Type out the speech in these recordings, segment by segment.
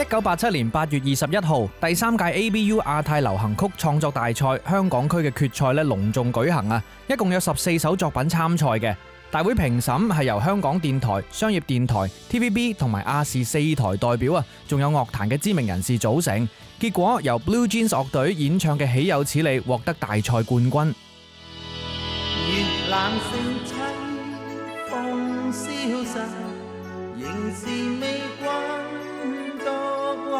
一九八七年八月二十一號，第三屆 ABU 亞太流行曲創作大賽香港區嘅決賽咧隆重舉行啊！一共有十四首作品參賽嘅，大會評審係由香港電台、商業電台、TVB 同埋亞視四台代表啊，仲有樂壇嘅知名人士組成。結果由 Blue Jeans 樂隊演唱嘅《豈有此理》獲得大賽冠軍。月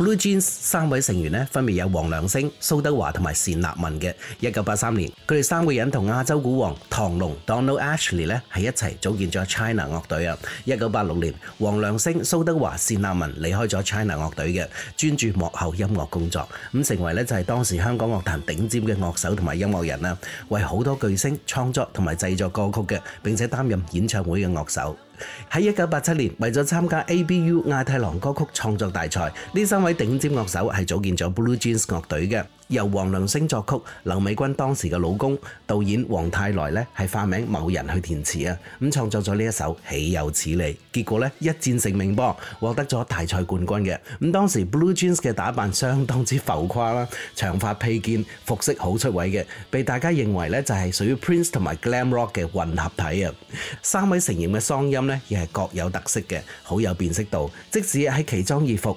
Blue Jeans 三位成員呢，分別有黃良星、蘇德華同埋單立文嘅。一九八三年，佢哋三個人同亞洲古王唐龍 （Donald Ashley） 咧喺一齊組建咗 China 樂隊啊。一九八六年，黃良星、蘇德華、單立文離開咗 China 樂隊嘅，專注幕後音樂工作，咁成為咧就係當時香港樂壇頂尖嘅樂手同埋音樂人啦，為好多巨星創作同埋製作歌曲嘅，並且擔任演唱會嘅樂手。喺一九八七年，為咗參加 ABU 亞太流行歌曲創作大賽，呢三位頂尖樂手係組建咗 Blue Jeans 樂隊嘅。由黃良昇作曲，劉美君當時嘅老公導演黃泰來咧係化名某人去填詞啊，咁創作咗呢一首《豈有此理》，結果咧一戰成名波，獲得咗大賽冠軍嘅。咁當時 Blue Jeans 嘅打扮相當之浮誇啦，長髮披肩，服飾好出位嘅，被大家認為咧就係屬於 Prince 同埋 Glam Rock 嘅混合體啊。三位成員嘅嗓音咧亦係各有特色嘅，好有辨識度，即使喺奇裝異服，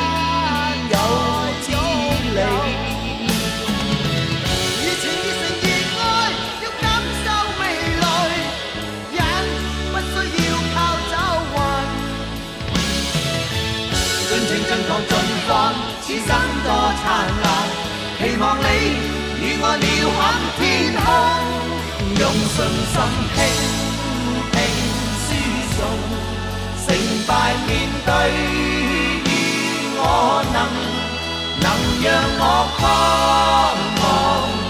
此生多燦爛，期望你與我鳥瞰天空。用信心輕輕輸送，成敗面對你我能，能讓我渴望。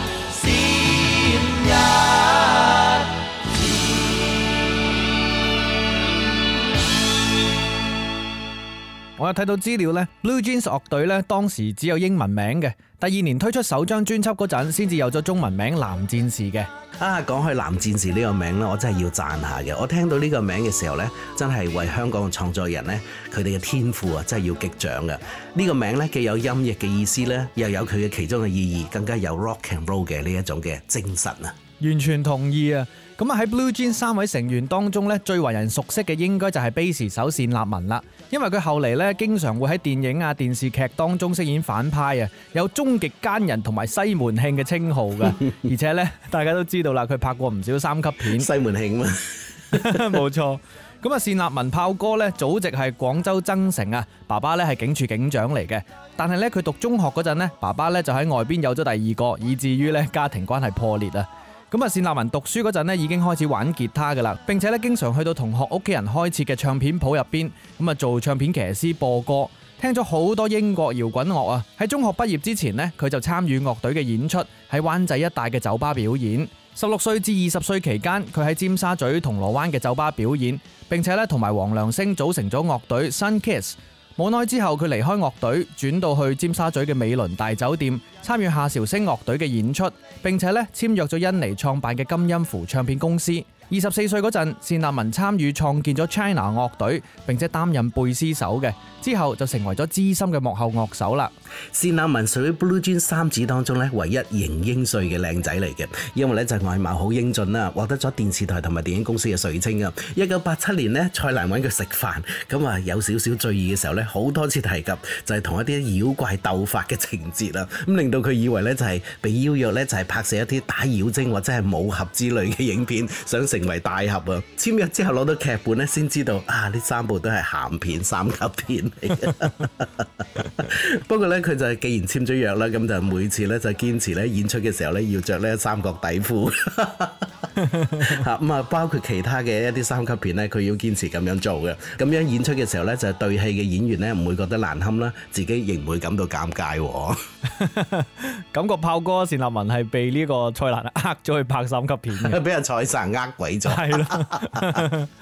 我有睇到資料咧，Blue Jeans 樂隊咧當時只有英文名嘅，第二年推出首張專輯嗰陣先至有咗中文名《藍戰士》嘅。啊，講起《藍戰士》呢個名咧，我真係要讚下嘅。我聽到呢個名嘅時候咧，真係為香港嘅創作人咧，佢哋嘅天賦啊，真係要擊掌嘅。呢個名咧既有音譯嘅意思咧，又有佢嘅其中嘅意義，更加有 rock and roll 嘅呢一種嘅精神啊！完全同意啊！咁啊喺 Blue Jeans 三位成員當中咧，最為人熟悉嘅應該就係 Bass 手單立文啦，因為佢後嚟咧經常會喺電影啊、電視劇當中飾演反派啊，有終極奸人同埋西門慶嘅稱號嘅。 而且咧，大家都知道啦，佢拍過唔少三級片。西門慶啊嘛，冇 錯。咁啊，單立文炮哥咧祖籍係廣州增城啊，爸爸咧係警署警長嚟嘅，但係咧佢讀中學嗰陣咧，爸爸咧就喺外邊有咗第二個，以至於咧家庭關係破裂啊。咁啊，單立文讀書嗰陣已經開始玩吉他噶啦，並且咧經常去到同學屋企人開設嘅唱片鋪入邊，咁啊做唱片騎師播歌，聽咗好多英國搖滾樂啊。喺中學畢業之前呢佢就參與樂隊嘅演出，喺灣仔一帶嘅酒吧表演。十六歲至二十歲期間，佢喺尖沙咀、銅鑼灣嘅酒吧表演，並且咧同埋黃良星組成咗樂隊 Sunkiss。冇耐之後，佢離開樂隊，轉到去尖沙咀嘅美倫大酒店參與夏韶聲樂隊嘅演出，並且咧簽約咗印尼創辦嘅金音符唱片公司。二十四歲嗰陣，單立文參與創建咗 China 樂隊，並且擔任貝斯手嘅，之後就成為咗資深嘅幕後樂手啦。單立文屬於 Blue Jeans 三子當中咧，唯一型英帥嘅靚仔嚟嘅，因為咧就外貌好英俊啦，獲得咗電視台同埋電影公司嘅垂青啊！一九八七年咧，蔡瀾揾佢食飯，咁啊有少少醉意嘅時候咧，好多次提及就係同一啲妖怪鬥法嘅情節啊，咁令到佢以為咧就係被邀約咧就係、是、拍攝一啲打妖精或者係武俠之類嘅影片，想成為大俠啊！簽約之後攞到劇本咧，先知道啊呢三部都係鹹片三級片嚟，嘅。 不過咧。佢就係既然簽咗約啦，咁就每次咧就堅持咧演出嘅時候咧要着呢三角底褲。嚇咁啊，包括其他嘅一啲三級片咧，佢要堅持咁樣做嘅。咁樣演出嘅時候咧，就對戲嘅演員咧唔會覺得難堪啦，自己亦唔會感到尷尬。 感覺炮哥單立文係被呢個蔡瀾呃咗去拍三級片嘅，俾 人蔡生呃鬼咗。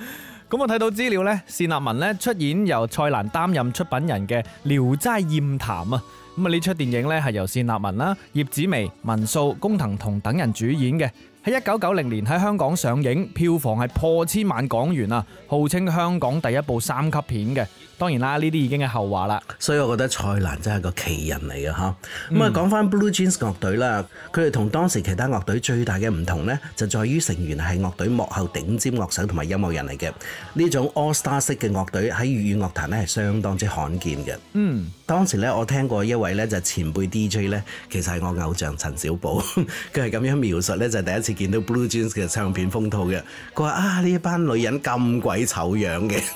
咁我睇到資料咧，單立文咧出演由蔡瀾擔任出品人嘅《聊齋艷譚》啊，咁啊呢出電影咧係由單立文啦、葉子薇、文素、工藤彤等人主演嘅，喺一九九零年喺香港上映，票房係破千萬港元啊，號稱香港第一部三級片嘅。當然啦，呢啲已經係後話啦。所以我覺得蔡瀾真係個奇人嚟嘅吓。咁啊，講、嗯、翻 Blue Jeans 樂隊啦，佢哋同當時其他樂隊最大嘅唔同呢，就在於成員係樂隊幕後頂尖樂手同埋音樂人嚟嘅。呢種 all star 式嘅樂隊喺粵語樂壇呢係相當之罕見嘅。嗯，當時呢，我聽過一位呢就係、前輩 DJ 呢，其實係我偶像陳小寶，佢係咁樣描述呢就係、第一次見到 Blue Jeans 嘅唱片封套嘅，佢話啊呢一班女人咁鬼醜樣嘅。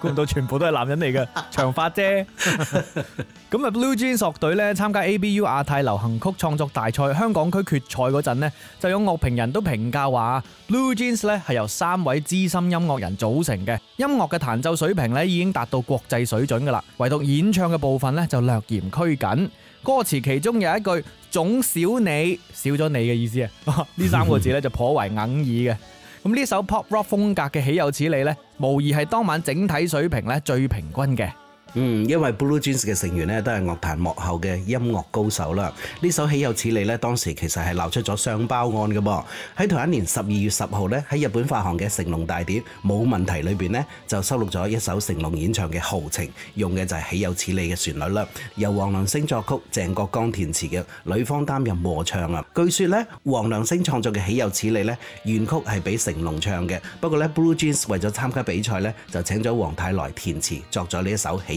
估 唔到全部都係男人嚟嘅，長髮啫。咁啊，Blue Jeans 樂隊咧參加 ABU 亞太流行曲創作大賽香港區決賽嗰陣呢，就有樂評人都評價話，Blue Jeans 咧係由三位資深音樂人組成嘅，音樂嘅彈奏水平咧已經達到國際水準噶啦。唯獨演唱嘅部分咧就略嫌拘謹。歌詞其中有一句總少你，少咗你嘅意思啊，呢 三個字咧就頗為硬耳嘅。咁呢首 pop rock 風格嘅《豈有此理》咧，無疑係當晚整體水平咧最平均嘅。嗯，因為 Blue Jeans 嘅成員咧都係樂壇幕後嘅音樂高手啦。呢首《豈有此理》咧當時其實係鬧出咗雙胞案嘅噃。喺同一年十二月十號咧喺日本發行嘅《成龍大碟》冇問題裏邊咧就收錄咗一首成龍演唱嘅《豪情》，用嘅就係《豈有此理》嘅旋律啦。由黃良星作曲、鄭國江填詞嘅，女方擔任和唱啊。據說咧黃良星創作嘅《豈有此理》咧原曲係俾成龍唱嘅，不過呢，Blue Jeans 為咗參加比賽咧就請咗黃太來填詞作咗呢一首《豈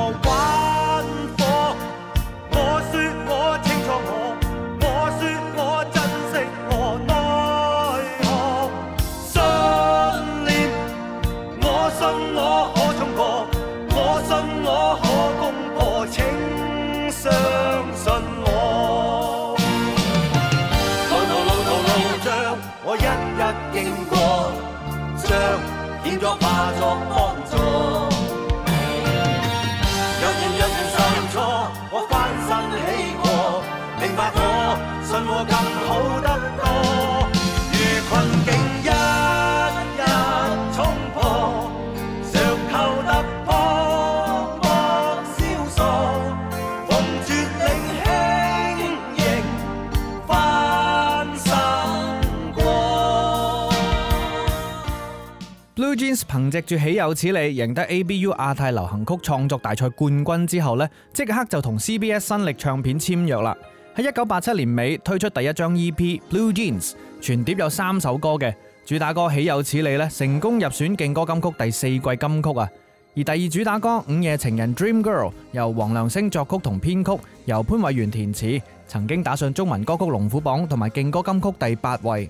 憑借住《豈有此理》贏得 ABU 亞太流行曲創作大賽冠軍之後呢，即刻就同 CBS 新力唱片簽約啦。喺一九八七年尾推出第一張 EP《Blue Jeans》，全碟有三首歌嘅，主打歌《豈有此理》成功入選勁歌金曲第四季金曲啊。而第二主打歌《午夜情人 Dream Girl》由黃良星作曲同編曲，由潘偉源填詞，曾經打上中文歌曲龍虎榜同埋勁歌金曲第八位。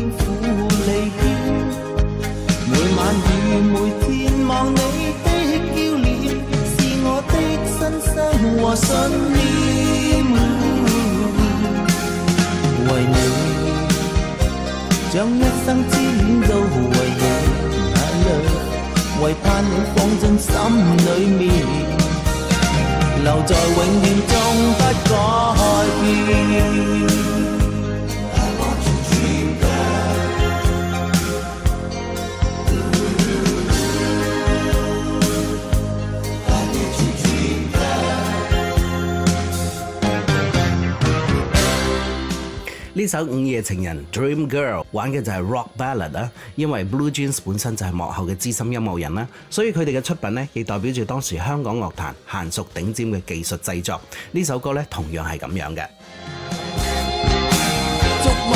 但願每天望你的嬌臉，是我的真心和信念。為你，將一生痴戀都為你，為盼你放進心裏面，留在永遠中不改變。呢首《午夜情人》（Dream Girl） 玩嘅就係 rock ballad 啦，因為 Blue Jeans 本身就係幕後嘅資深音樂人啦，所以佢哋嘅出品呢亦代表住當時香港樂壇嫻熟頂尖嘅技術製作。呢首歌咧，同樣係咁樣嘅。捉摸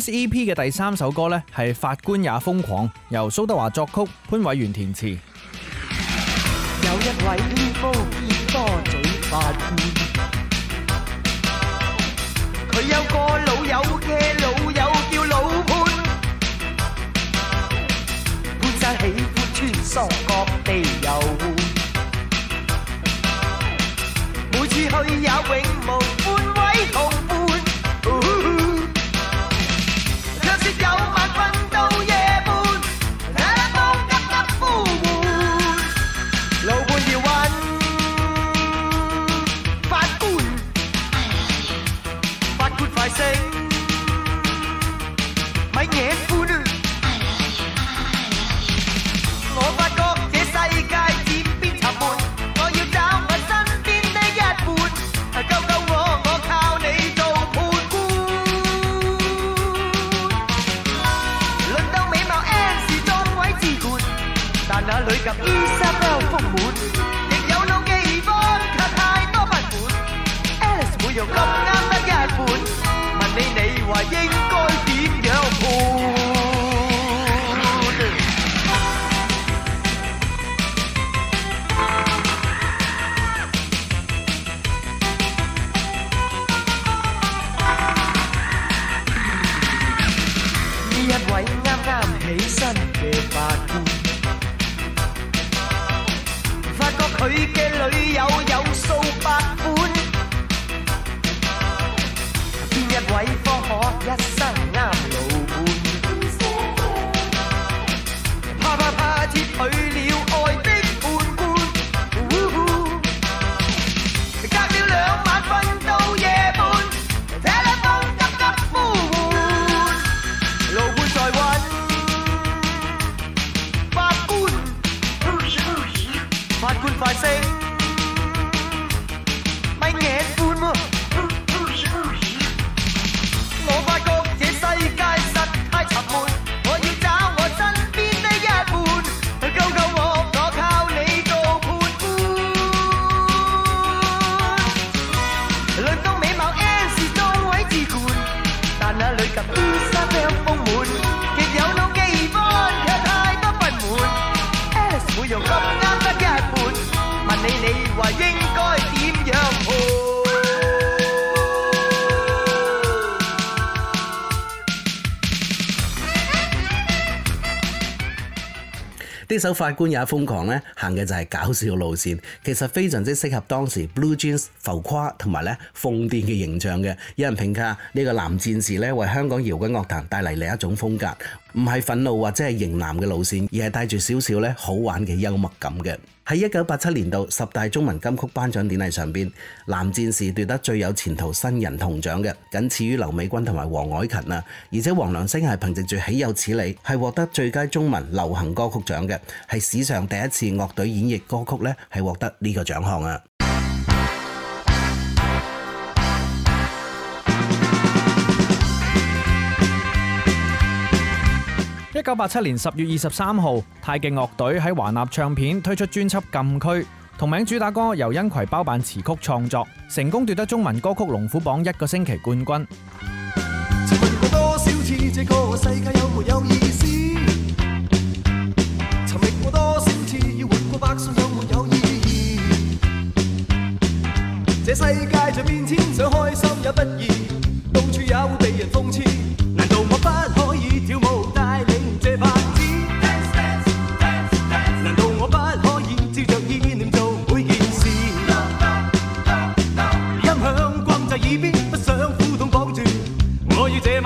薛 E P 嘅第三首歌咧，係《法官也瘋狂》，由蘇德華作曲，潘偉源，潘偉源填詞。有一位高鼻多嘴法應該點樣，呢首法官也瘋狂咧，行嘅就係搞笑路線，其實非常之適合當時 Blue Jeans 浮誇同埋咧瘋癲嘅形象嘅。有人評價呢個藍戰士咧，為香港搖滾樂壇帶嚟另一種風格，唔係憤怒或者係型男嘅路線，而係帶住少少咧好玩嘅幽默感嘅。喺一九八七年度十大中文金曲頒獎典禮上邊，藍戰士奪得最有前途新人銅獎嘅，僅次於劉美君同埋黃凱芹啊，而且黃良星係憑借住《豈有此理》，係獲得最佳中文流行歌曲獎嘅，係史上第一次樂隊演繹歌曲咧係獲得呢個獎項啊！一九八七年十月二十三號，太極樂隊喺華納唱片推出專輯《禁區》，同名主打歌由因葵包辦詞曲創作，成功奪得中文歌曲龍虎榜一個星期冠軍。尋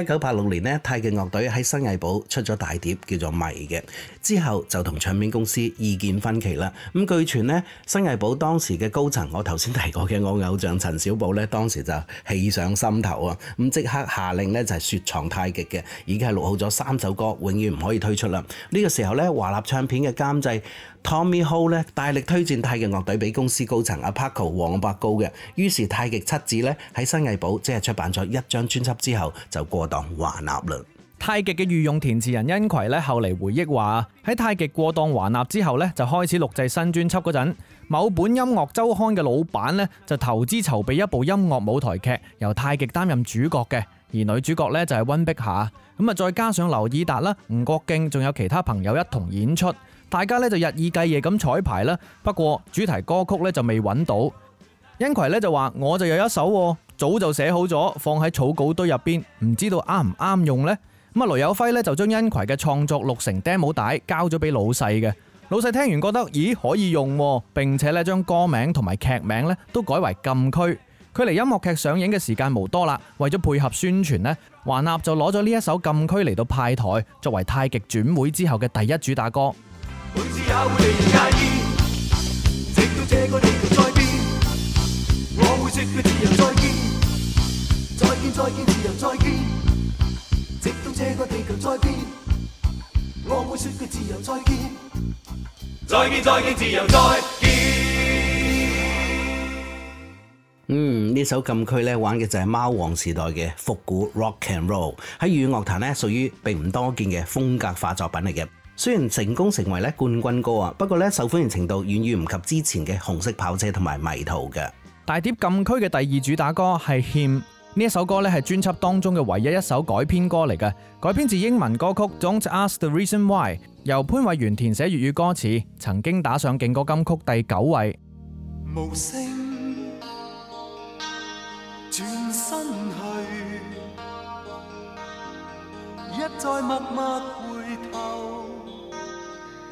一九八六年呢，太極樂隊喺新藝寶出咗大碟叫做《迷》嘅，之後就同唱片公司意見分歧啦。咁據傳呢，新藝寶當時嘅高層，我頭先提過嘅我偶像陳小寶呢，當時就氣上心頭啊！咁即刻下令呢就係雪藏太極嘅，已經係錄好咗三首歌，永遠唔可以推出啦。呢個時候呢，華納唱片嘅監製。Tommy Hall 咧大力推薦太極樂隊俾公司高層阿 Paco 黃伯高嘅，於是太極七子咧喺新藝寶即係出版咗一張專輯之後就過檔華納啦。太極嘅御用填詞人因葵咧後嚟回憶話，喺太極過檔華納之後咧，就開始錄製新專輯嗰陣，某本音樂週刊嘅老闆咧就投資籌備一部音樂舞台劇，由太極擔任主角嘅，而女主角咧就係溫碧霞咁啊，再加上劉以達啦、吳國敬，仲有其他朋友一同演出。大家咧就日以繼夜咁彩排啦，不過主題歌曲咧就未揾到。因葵咧就話，我就有一首，早就寫好咗，放喺草稿堆入邊，唔知道啱唔啱用呢。」咁啊，雷有輝咧就將因葵嘅創作錄成 demo 帶交咗俾老細嘅，老細聽完覺得咦，可以用喎，並且咧將歌名同埋劇名咧都改為禁區。距離音樂劇上映嘅時間冇多啦，為咗配合宣傳呢，華納就攞咗呢一首禁區嚟到派台，作為太極轉會之後嘅第一主打歌。 嗯，呢首禁區呢，玩嘅就係貓王時代嘅復古 rock and roll，喺粵語樂壇呢屬於並唔多見嘅風格化作品嚟嘅。雖然成功成為咧冠軍歌啊，不過咧受歡迎程度遠遠唔及之前嘅《紅色跑車》同埋《迷途》嘅。大碟禁區嘅第二主打歌係《欠》，呢一首歌咧係專輯當中嘅唯一一首改編歌嚟嘅，改編自英文歌曲《Don't Ask The Reason Why》，由潘偉源填寫粵語歌詞，曾經打上勁歌金曲第九位。無聲轉身去，一再默默回頭。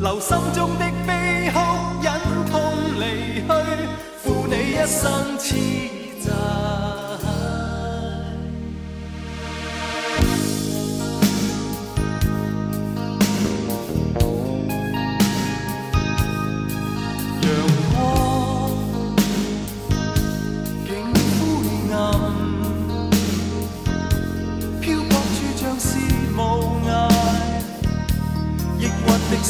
留心中的悲哭，忍痛離去，負你一生痴債。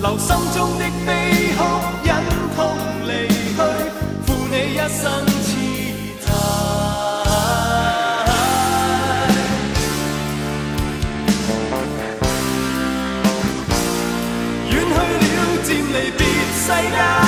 留心中的悲哭，忍痛離去，負你一生痴債。遠去了，漸離別世界。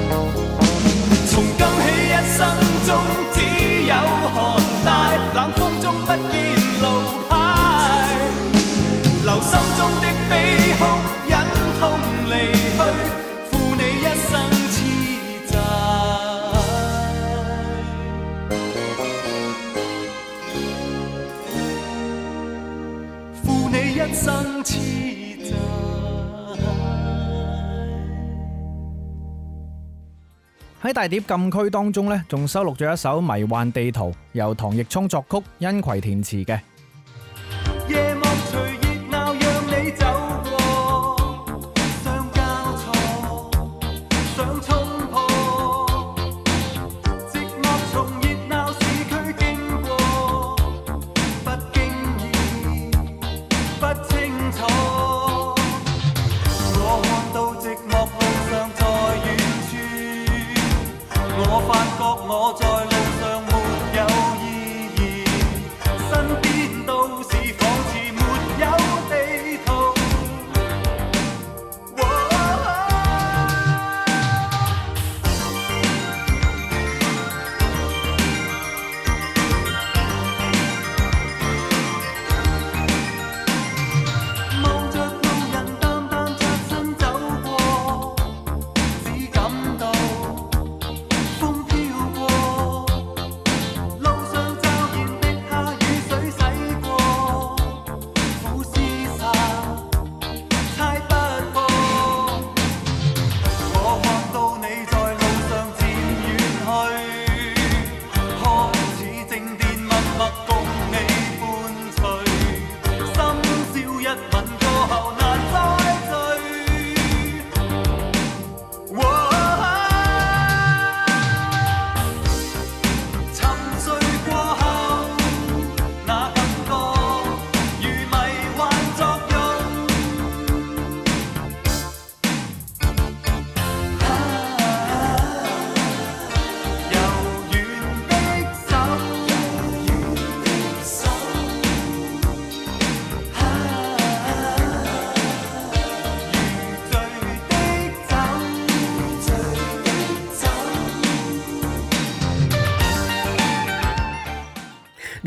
從今起，一生中。喺大碟禁區當中咧，仲收錄咗一首《迷幻地圖》，由唐奕聰作曲、因葵填詞嘅。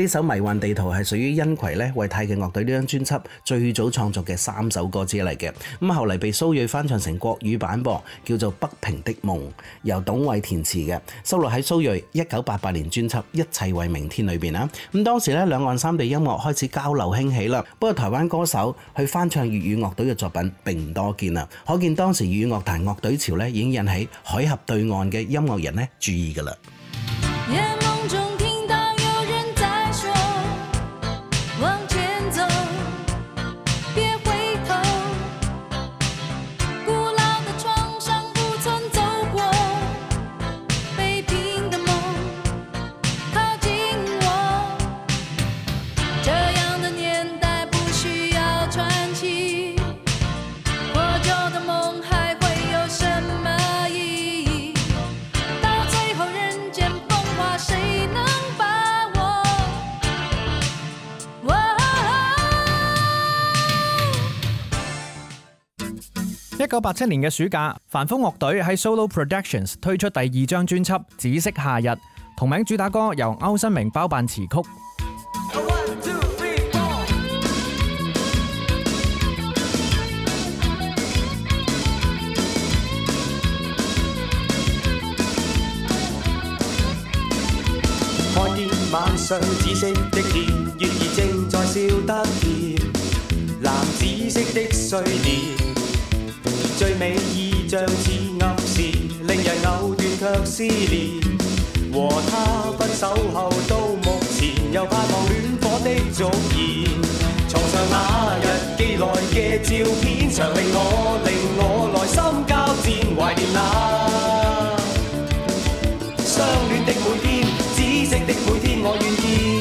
呢首《迷幻地圖》係屬於因葵咧為太極樂隊呢張專輯最早創作嘅三首歌之一嘅，咁後嚟被蘇芮翻唱成國語版噃，叫做《北平的夢》，由董偉填詞嘅，收錄喺蘇芮一九八八年專輯《一切為明天》裏邊啦。咁當時咧，兩岸三地音樂開始交流興起啦，不過台灣歌手去翻唱粵語樂隊嘅作品並唔多見啊，可見當時粵語樂壇樂隊潮咧已經引起海峽對岸嘅音樂人咧注意噶啦。一九八七年嘅暑假，凡風樂隊喺 Solo Productions 推出第二張專輯《紫色夏日》，同名主打歌由歐新明包辦詞曲。看見晚上紫色的天，月兒正在笑得甜，藍紫色的最美意象似暗示，令人藕斷卻絲連。和他分手後到目前，又怕望戀火的續燃。床上那日寄來嘅照片，常令我令我內心交戰，懷念那相戀的每天，紫色的每天，我願意。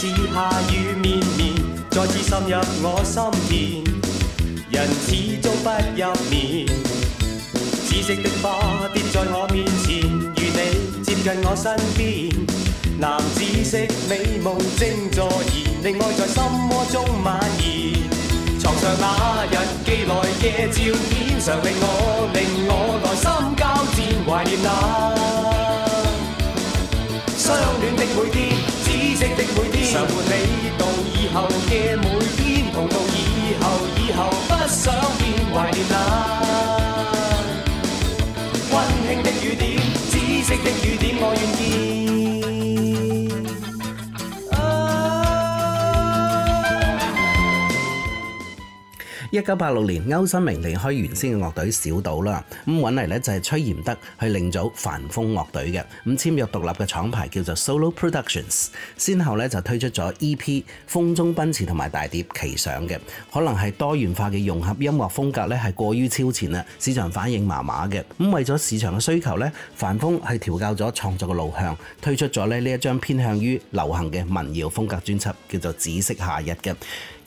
似怕雨綿綿，再次滲入我心田。人始終不入眠。紫色的花跌在我面前，如你接近我身邊。藍紫色美夢正在燃，令愛在心窩中蔓延。床上那日寄來嘅照片，常令我令我內心交戰，懷念那相戀的每天，紫色的每。常伴你到以後嘅每天，同到以後以後，不想變懷念那溫馨的雨點，紫色的雨點我願意。一九八六年，歐新明離開原先嘅樂隊小島啦，咁搵嚟咧就係崔賢德去另組凡風樂隊嘅，咁簽約獨立嘅廠牌叫做 Solo Productions，先後咧就推出咗 EP《風中奔馳》同埋大碟《奇想》嘅，可能係多元化嘅融合音樂風格咧係過於超前啦，市場反應麻麻嘅，咁為咗市場嘅需求咧，凡風係調教咗創作嘅路向，推出咗咧呢一張偏向於流行嘅民謠風格專輯叫做《紫色夏日》嘅。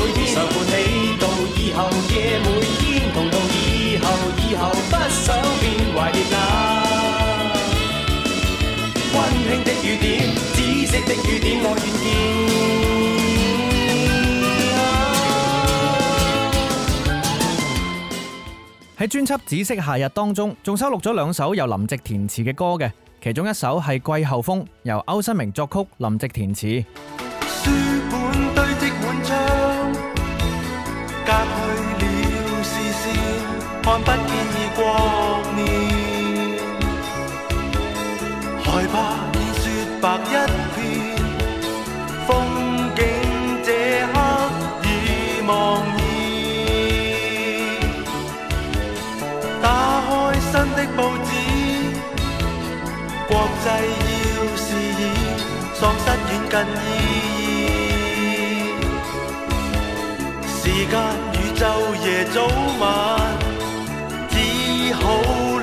每天常伴起到以後夜每天同到，到以後，以後不想變懷念那溫馨的雨點，紫色的雨點我願意喺、啊、專輯《紫色夏日》當中，仲收錄咗兩首由林夕填詞嘅歌嘅，其中一首係《季候風》，由歐新明作曲，林夕填詞。不建議過年，害怕見雪白一片，風景這刻已忘記。打開新的報紙，國際要事已喪失遠近意義，時間與晝夜早晚。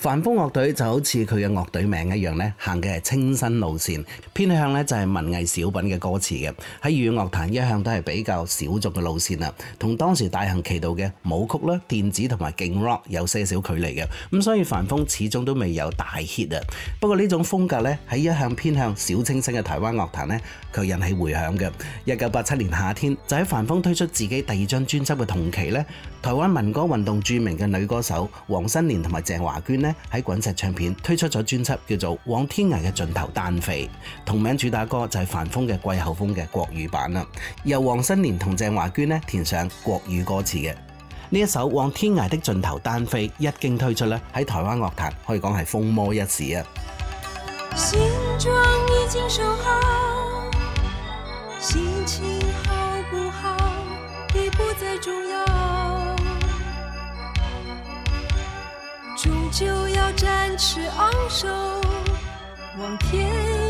凡風樂隊就好似佢嘅樂隊名一樣咧，行嘅係清新路線，偏向咧就係文藝小品嘅歌詞嘅，喺粵語樂壇一向都係比較小眾嘅路線啦，同當時大行其道嘅舞曲啦、電子同埋勁 rock 有些少距離嘅，咁所以凡風始終都未有大 hit 啊。不過呢種風格咧，喺一向偏向小清新嘅台灣樂壇佢卻引起回響嘅。一九八七年夏天，就喺凡風推出自己第二張專輯嘅同期呢台灣民歌運動著名嘅女歌手王新蓮同埋鄭華娟咧喺滾石唱片推出咗專輯，叫做《往天涯嘅盡頭單飛》。同名主打歌就係凡風嘅季候風嘅國語版啦，由王新蓮同鄭華娟咧填上國語歌詞嘅。呢一首《往天涯的盡頭單飛》一經推出咧，喺台灣樂壇可以講係風魔一時啊！終究要展翅昂首，望天。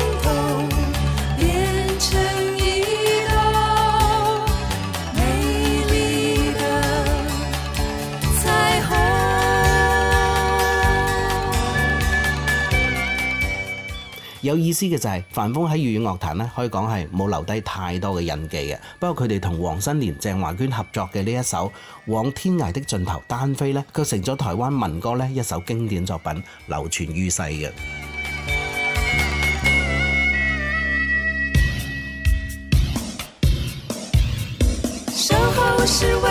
有意思嘅就係凡風喺粵語樂壇咧，可以講係冇留低太多嘅印記嘅。不過佢哋同王新蓮、鄭華娟合作嘅呢一首《往天涯的盡頭單飛》咧，卻成咗台灣民歌咧一首經典作品，流傳於世嘅。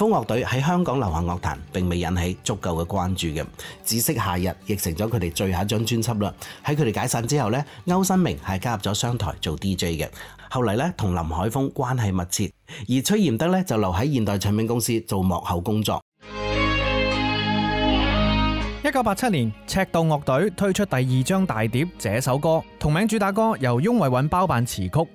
風樂隊喺香港流行樂壇並未引起足夠嘅關注嘅，《紫色夏日》亦成咗佢哋最後一張專輯啦。喺佢哋解散之後呢，歐新明係加入咗商台做 DJ 嘅，後嚟呢，同林海峰關係密切，而崔炎德呢，就留喺現代唱片公司做幕後工作。一九八七年，赤道樂隊推出第二張大碟，《這首歌》同名主打歌由翁偉允包辦詞曲。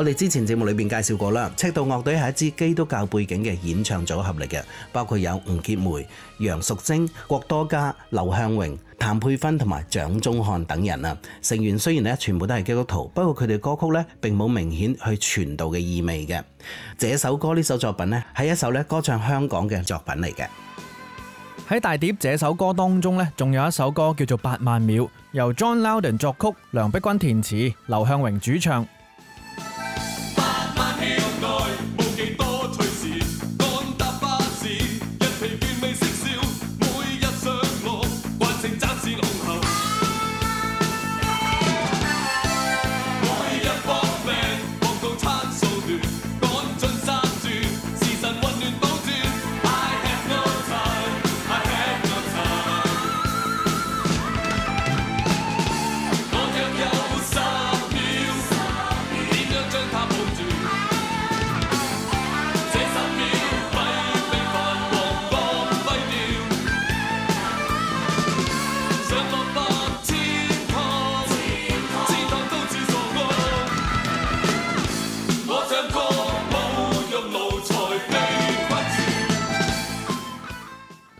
我哋之前節目裏面介紹過啦，赤道樂隊係一支基督教背景嘅演唱組合嚟嘅，包括有吳潔梅、楊淑晶、郭多嘉、劉向榮、譚佩芬同埋蔣中翰等人啊。成員雖然咧全部都係基督徒，不過佢哋歌曲咧並冇明顯去傳道嘅意味嘅。這首歌呢首作品呢係一首咧歌唱香港嘅作品嚟嘅。喺大碟這首歌當中呢，仲有一首歌叫做《八萬秒》，由 John Laudon 作曲，梁碧君填詞，劉向榮主唱。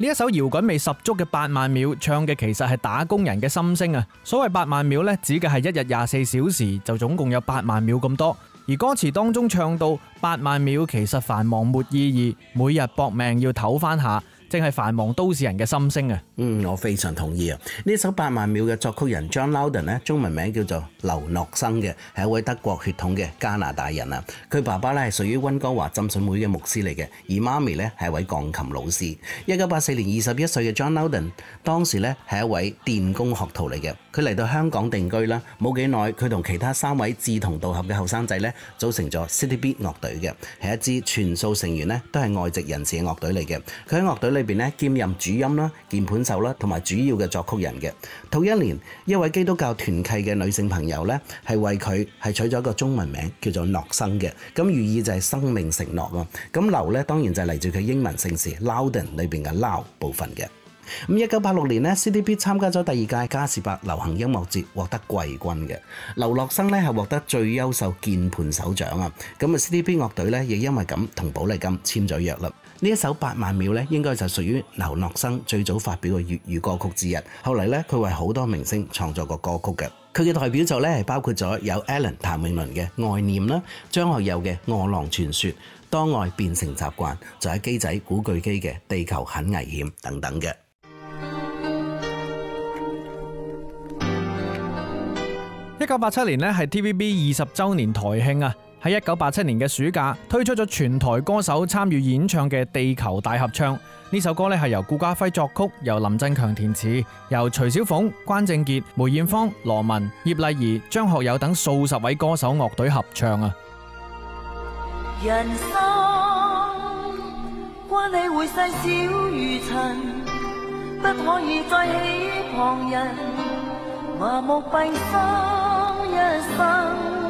呢一首搖滾味十足嘅八萬秒，唱嘅其實係打工人嘅心聲啊！所謂八萬秒咧，指嘅係一日廿四小時就總共有八萬秒咁多，而歌詞當中唱到八萬秒其實繁忙沒意義，每日搏命要唞翻下。正係繁忙都市人嘅心聲啊！嗯，我非常同意啊！呢首八萬秒嘅作曲人 John Laudon 咧，中文名叫做劉諾生嘅，係一位德國血統嘅加拿大人啊！佢爸爸咧係屬於溫哥華浸信會嘅牧師嚟嘅，而媽咪咧係一位鋼琴老師。一九八四年二十一歲嘅 John Laudon，當時咧係一位電工學徒嚟嘅。佢嚟到香港定居啦，冇幾耐，佢同其他三位志同道合嘅後生仔咧，組成咗 City Beat 樂隊嘅，係一支全數成員呢都係外籍人士嘅樂隊嚟嘅。佢喺樂隊裏邊咧兼任主音啦、鍵盤手啦，同埋主要嘅作曲人嘅。同一年，一位基督教團契嘅女性朋友呢，係為佢係取咗個中文名叫做諾生嘅，咁寓意就係生命承諾啊。咁劉呢，當然就係嚟自佢英文姓氏 Laudon 裏邊嘅 Lau 部分嘅。咁一九八六年呢 CDB 參加咗第二屆加士伯流行音樂節，獲得季軍嘅。劉諾生呢，係獲得最優秀鍵盤手獎啊！咁啊 CDB 樂隊呢，亦因為咁同寶麗金簽咗約啦。呢一首《八萬秒》咧，應該就屬於劉諾生最早發表嘅粵語歌曲之一。後嚟咧，佢為好多明星創作過歌曲嘅。佢嘅代表作咧，係包括咗有 Alan 譚詠麟嘅《愛念》啦，張學友嘅《惡狼傳說》，當愛變成習慣，仲有機仔古巨基嘅《地球很危險》等等嘅。一九八七年咧，係 TVB 二十週年台慶啊！喺一九八七年嘅暑假，推出咗全台歌手參與演唱嘅《地球大合唱》呢首歌呢，係由顧嘉輝作曲，由林振強填詞，由徐小鳳、關正傑、梅艷芳、羅文、葉麗儀、張學友等數十位歌手樂隊合唱啊！人生關你會細小如塵，不可以再起旁人，麻木閉生一生。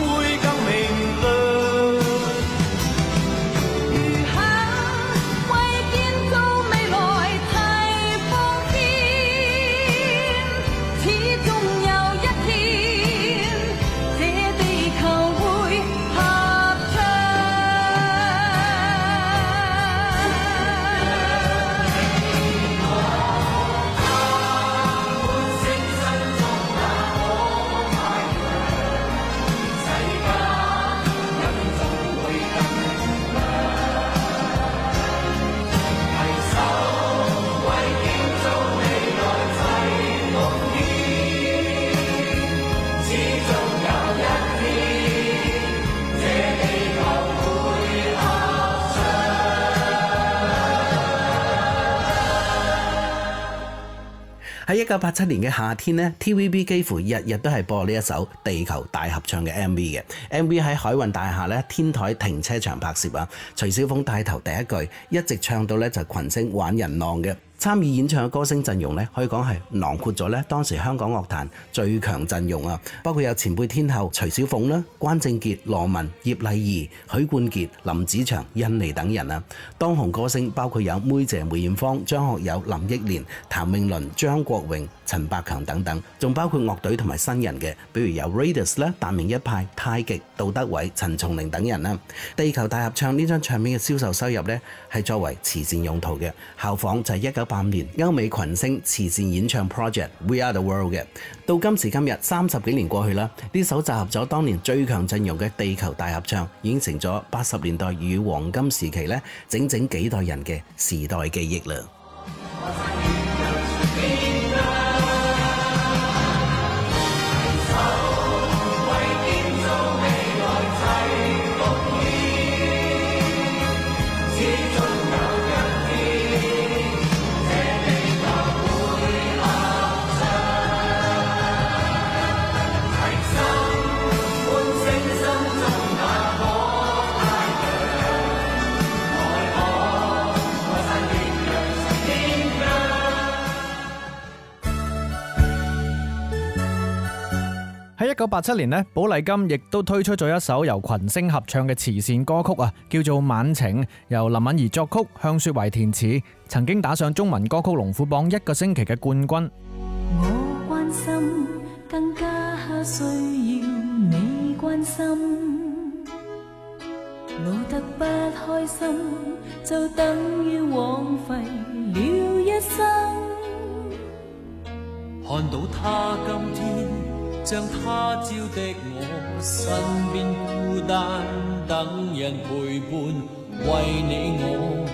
喺一九八七年嘅夏天呢 TVB 幾乎日日都係播呢一首《地球大合唱》嘅 MV 嘅。MV 喺海運大廈咧天台停車場拍攝啊。徐小鳳帶頭第一句，一直唱到咧就群星玩人浪嘅。參與演唱嘅歌星陣容咧，可以講係囊括咗咧當時香港樂壇最強陣容啊！包括有前輩天后徐小鳳啦、關正傑、羅文、葉麗儀、許冠傑、林子祥、甄妮等人啊。當紅歌星包括有妹姐梅艷芳、張學友、林憶蓮、譚詠麟、張國榮、陳百強等等，仲包括樂隊同埋新人嘅，比如有 Raidas 啦、達明一派、太極、杜德偉、陳松伶等人啦。《地球大合唱》呢張唱片嘅銷售收入咧，係作為慈善用途嘅，效仿就係一九。八年，歐美群星慈善演唱 project We Are The World 嘅，到今時今日三十幾年過去啦，呢首集合咗當年最強陣容嘅地球大合唱，已經成咗八十年代與黃金時期咧，整整幾代人嘅時代記憶啦。一九八七年呢，寶麗金亦都推出咗一首由群星合唱嘅慈善歌曲啊，叫做《晚情》，由林敏怡作曲，向雪懷填詞，曾經打上中文歌曲龍虎榜一個星期嘅冠軍。我關心，更加需要你關心。我得不開心，就等於枉費了一生。看到他今天。像他朝的我，身邊孤單，等人陪伴，為你我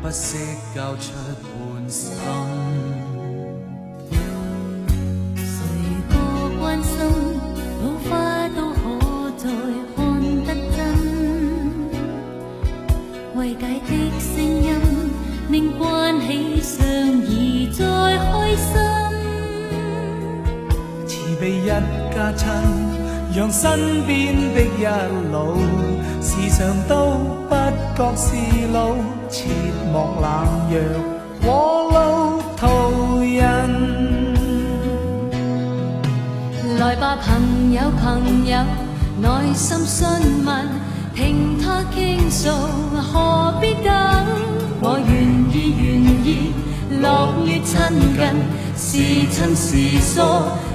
不惜交出半生。讓身邊的一老時常都不覺是老，切莫冷若過路途人。來吧，朋友，朋友，耐心詢問，聽他傾訴，何必等？我願意，願意，樂於親近，是親是疏。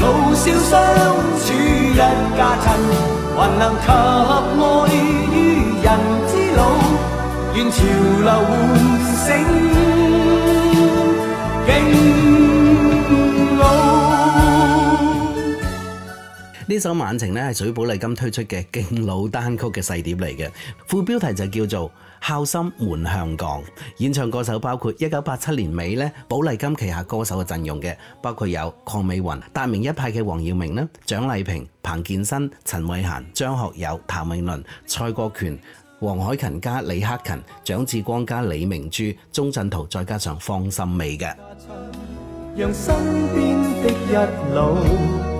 老少相處一家親，還能及愛於人之老，願潮流喚醒警。呢首晚情呢係屬於寶麗金推出嘅敬老單曲嘅細碟嚟嘅，副標題就叫做孝心門向港。演唱歌手包括一九八七年尾呢，寶麗金旗下歌手嘅陣容嘅，包括有鄺美雲、達明一派嘅黃耀明呢、蔣麗萍、彭健新、陳慧嫻、張學友、譚詠麟、蔡國權、黃凱芹加李克勤、蔣志光加李明珠、鍾鎮濤，再加上方心美嘅。讓身邊的日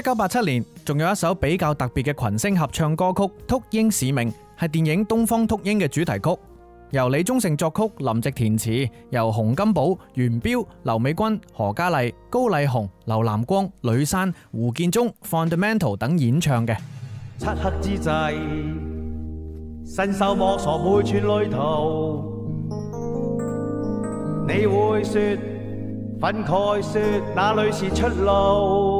一九八七年，仲有一首比較特別嘅群星合唱歌曲《禿鷹使命》，係電影《東方禿鷹》嘅主題曲，由李宗盛作曲、林夕填詞，由洪金寶、袁彪、劉美君、何嘉麗、高麗紅、劉南光、呂珊、胡建忠、 Fundamental 等演唱嘅。漆黑之際，伸手摸索每寸旅途，你會說，憤慨說，哪裏是出路？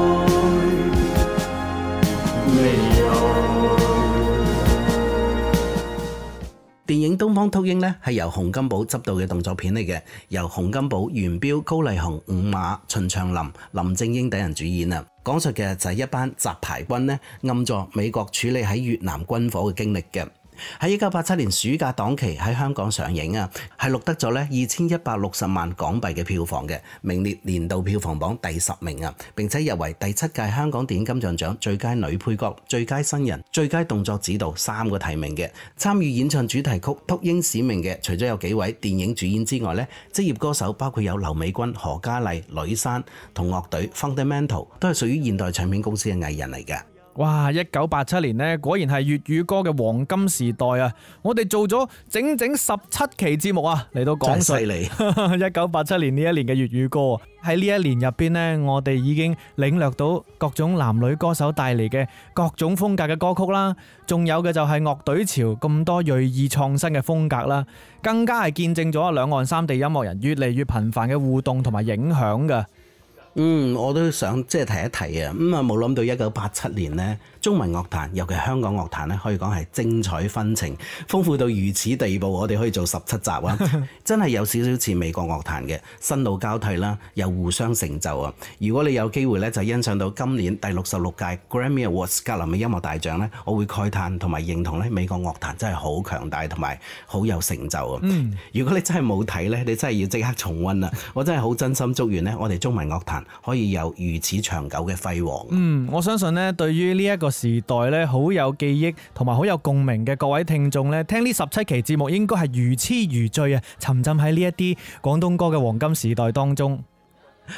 電影《東方禿鷹》咧係由洪金寶執導嘅動作片嚟嘅，由洪金寶、元彪、高麗虹、五馬、秦祥林、林正英等人主演啊，講述嘅就係一班雜牌軍咧暗助美國處理喺越南軍火嘅經歷嘅。喺一九八七年暑假檔期喺香港上映啊，係錄得咗呢二千一百六十萬港幣嘅票房嘅，名列年度票房榜第十名啊！並且入圍第七屆香港電影金像獎最佳女配角、最佳新人、最佳動作指導三個提名嘅。參與演唱主題曲《禿鷹使命》嘅，除咗有幾位電影主演之外呢，職業歌手包括有劉美君、何嘉麗、呂珊同樂隊 Fundamental，都係屬於現代唱片公司嘅藝人嚟嘅。哇！一九八七年呢，果然係粵語歌嘅黃金時代啊！我哋做咗整整十七期節目啊，嚟到講述一九八七年呢一年嘅粵語歌。喺呢一年入邊呢，我哋已經領略到各種男女歌手帶嚟嘅各種風格嘅歌曲啦，仲有嘅就係樂隊潮咁多鋭意創新嘅風格啦，更加係見證咗兩岸三地音樂人越嚟越頻繁嘅互動同埋影響嘅。嗯，我都想即係提一提啊，咁啊冇諗到一九八七年呢，中文樂壇，尤其香港樂壇咧，可以講係精彩紛呈，豐富到如此地步，我哋可以做十七集啊，真係有少少似美國樂壇嘅新老交替啦，又互相成就啊。如果你有機會咧，就欣賞到今年第六十六屆 Grammy Awards 格林嘅音樂大獎咧，我會慨歎同埋認同咧，美國樂壇真係好強大同埋好有成就啊。如果你真係冇睇咧，你真係要即刻重温啦，我真係好真心祝願呢，我哋中文樂壇，.可以有如此長久嘅輝煌。嗯，我相信咧，對於呢一個時代咧，好有記憶同埋好有共鳴嘅各位聽眾咧，聽呢十七期節目應該係如痴如醉啊，沉浸喺呢一啲廣東歌嘅黃金時代當中。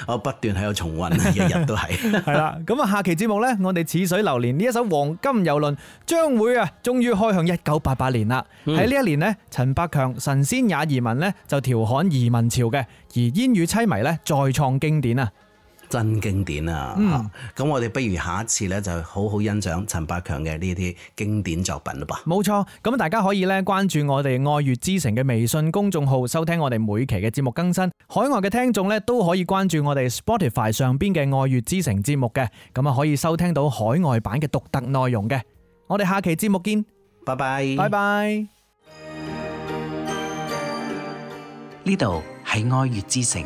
我不斷喺度重溫，一日都係。係啦，咁啊，下期節目呢我哋似水流年呢一首《黃金遊輪》將會啊，終於開向一九八八年啦。喺、嗯、呢一年咧，陳百強神仙也移民呢就調侃移民潮嘅，而煙雨淒迷呢再創經典啊。真經典啊！咁、嗯、我哋不如下一次咧，就好好欣賞陳百強嘅呢啲經典作品啦吧。冇錯，咁大家可以咧，關注我哋愛粵之城嘅微信公眾號，收聽我哋每期嘅節目更新。海外嘅聽眾咧都可以關注我哋 Spotify 上邊嘅愛粵之城節目嘅，咁啊可以收聽到海外版嘅獨特內容嘅。我哋下期節目見，拜拜，拜拜。呢度係愛粵之城。